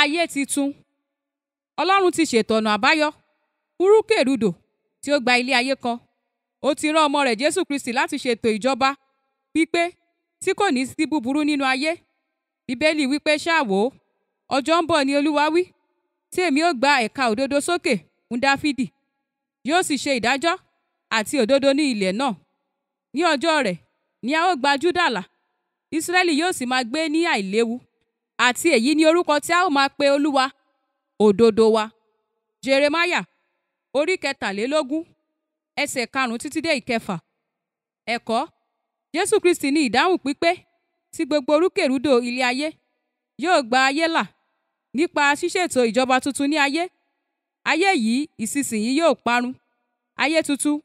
ayé titun ọlọ́run ti ṣètò ọ̀nà àbáyọ kúrúkèrúdò tí ó gba ilé ayé kan ó ti rán ọmọ rẹ̀ jésù kristi láti ṣètò ìjọba pípé tí kò ní sí búburú nínú ayé bíbélì wípé ṣáàwó ọjọ́ ń bọ̀ ni olúwa wí tí èmi ó gba ẹ̀ka òdodo sókè fún dáfídì yóò sì ṣe ìdájọ́ àti òdodo ní ilẹ̀ náà ní ọjọ́ rẹ̀ ni a ó gba júdà ìsírẹ́lì yóò sì máa gbé ní àìléwu àti èyí ni orúkọ tí a ó máa pe olúwa òdodo wa jeremaya orí kẹtàlélógún ẹsẹ̀ karùnún títí dé ìkẹfà ẹ̀kọ́ jésù kristi ní ìdáhùn pípé tí gbogbo orúkèrúdò ilé ayé yóò gba ayé là nípa ṣíṣètò ìjọba tuntun ní ayé ayé yìí ìsinsìnyí yóò parun ayé tuntun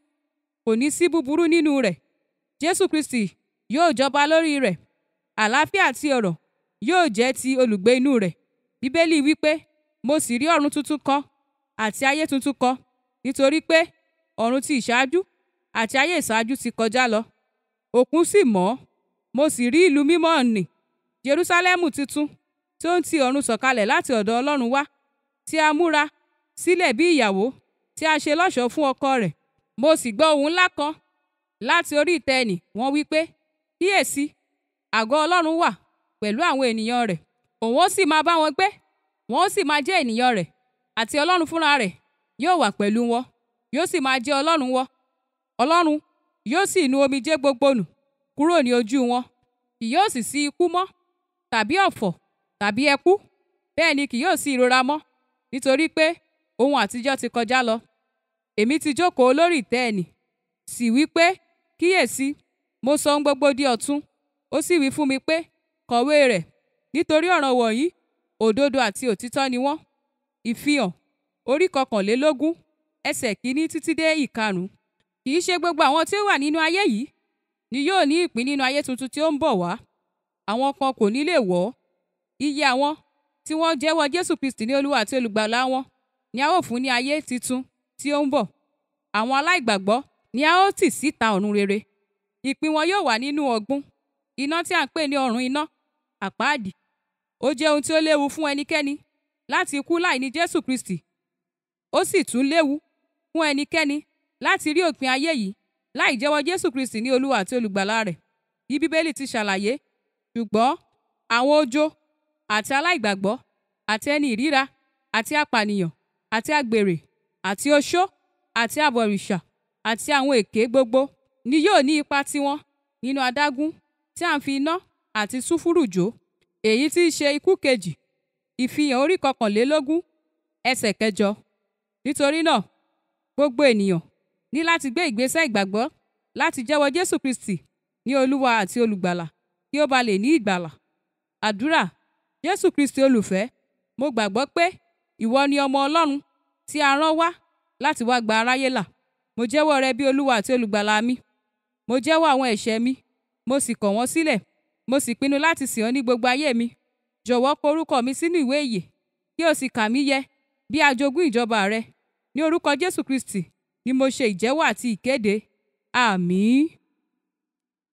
kò ní sí búburú nínú rẹ̀ jésù kristi yóò jọba lórí rẹ̀ àlàáfíà àti ọ̀rọ̀ yóò jẹ́ ti olùgbé inú rẹ̀ bíbélì wípé mo sì rí ọ̀run tuntun kan àti ayé tuntun kan nítorí pé ọ̀run ti ìṣáájú àti ayé ìṣáájú ti kọjá lọ òkun sì mọ́ mo sì rí ìlú mímọ́ nì jerúsálẹ́mù tuntun tí ó ń ti ọ̀run sọ̀kalẹ̀ láti ọ̀dọ̀ ọlọ́run wá tí a múra sílẹ̀ bí ìyàwó tí a ṣe lọ́ṣọ̀ọ́ fún ọkọ rẹ̀ mo sì gbọ́ ohùn ńlá kan láti orí ìtẹ́ ẹnì wí pé kíyèsí àgọ́ ọlọ́run wà pẹ̀lú àwọn ènìyàn rẹ̀ òun ó sì máa bá wọn gbé wọn ó sì máa jẹ́ ènìyàn rẹ̀ àti ọlọ́run fúnra rẹ̀ yóò wà pẹ̀lú wọn yóò sì máa jẹ́ ọlọ́run wọn ọlọ́run yóò sì nu omijé gbogbo nù kúrò ní ojú wọn kì yóò sì sí ikú mọ́ tàbí ọ̀fọ̀ tàbí ẹkú bẹ́ẹ̀ ni kì yóò sí ìrora mọ́ nítorí pé ohun àtijọ́ ti kọjá lọ èmi ti jókòó lórí ìtẹ́ ẹ̀nì sì wí pé kíyèsí mo sọ ohun gbogbo di ọ̀tun ó sì wí fún mi pé akọ̀wé rẹ̀ nítorí ọ̀ràn wọ̀nyí òdodo àti òtítọ́ ni wọ́n. ìfihàn orí kọkànlélógún ẹsẹ̀ kìíní títí dé ìkarùn-ún kì í ṣe gbogbo àwọn tí ó wà nínú ayé yìí ni yóò ní ìpín nínú ayé tuntun tí ó ń bọ̀ wá àwọn kan kò ní lè wọ̀ ọ́ iye àwọn tí wọ́n jẹ́wọ́ jésù kristi ní olúwa àti olùgbàlà wọn ni a ó fún ní ayé titun tí ó ń bọ̀ àwọn aláìgbàgbọ́ ni a ó tì síta ọ̀run rere ìpín wọn yóò wà nínú ọ̀gbun iná tí à ń pè ní ọ̀run iná àpáàdì ó jẹ́ ohun tí ó léwu fún ẹnikẹ́ni láti kú láìní Jésù Kristi ó sì tún léwu fún ẹnikẹ́ni láti rí òpin ayé yìí láì jẹ́wọ́ Jésù Kristi ní Olúwa àti olùgbàlà rẹ̀ bí Bíbélì ti ṣàlàyé ṣùgbọ́n àwọn ojo àti aláìgbàgbọ́ àti ẹni ìríra àti apànìyàn àti agbèrè àti oṣó àti abọ̀rìṣà àti àwọn èké gbogbo ni yóò ní ipa tiwọn nínú adágún tí à fi iná àti sùfúrù jó èyí tí í ṣe ikú kejì ìfihàn orí kọkànlélógún ẹsẹ̀ kẹjọ nítorí náà gbogbo ènìyàn ní láti gbé ìgbésẹ̀ ìgbàgbọ́ láti jẹ́wọ́ Jésù Kristi ní Olúwa àti Olùgbàlà kí ó ba lè ní ìgbàlà àdúrà Jésù Kristi olùfẹ́ mo gbàgbọ́ pé ìwọ ni ọmọ Ọlọ́run tí a rán wá láti wá gba aráyé là mo jẹ́wọ́ rẹ bí Olúwa àti Olùgbàlà mi mo jẹ́wọ́ àwọn ẹ̀ṣẹ̀ mi mo sì kọ̀ wọ́n sílẹ̀ mo sì pinnu láti sìn ọ́ ní gbogbo ayé mi jọ̀wọ́ kọ orúkọ mi sínú ìwé ìyè kí o sì kà mí yẹ bí ajogún ìjọba rẹ ní orúkọ Jésù Kristi ni mo ṣe ìjẹ́wọ́ àti ìkéde àmín.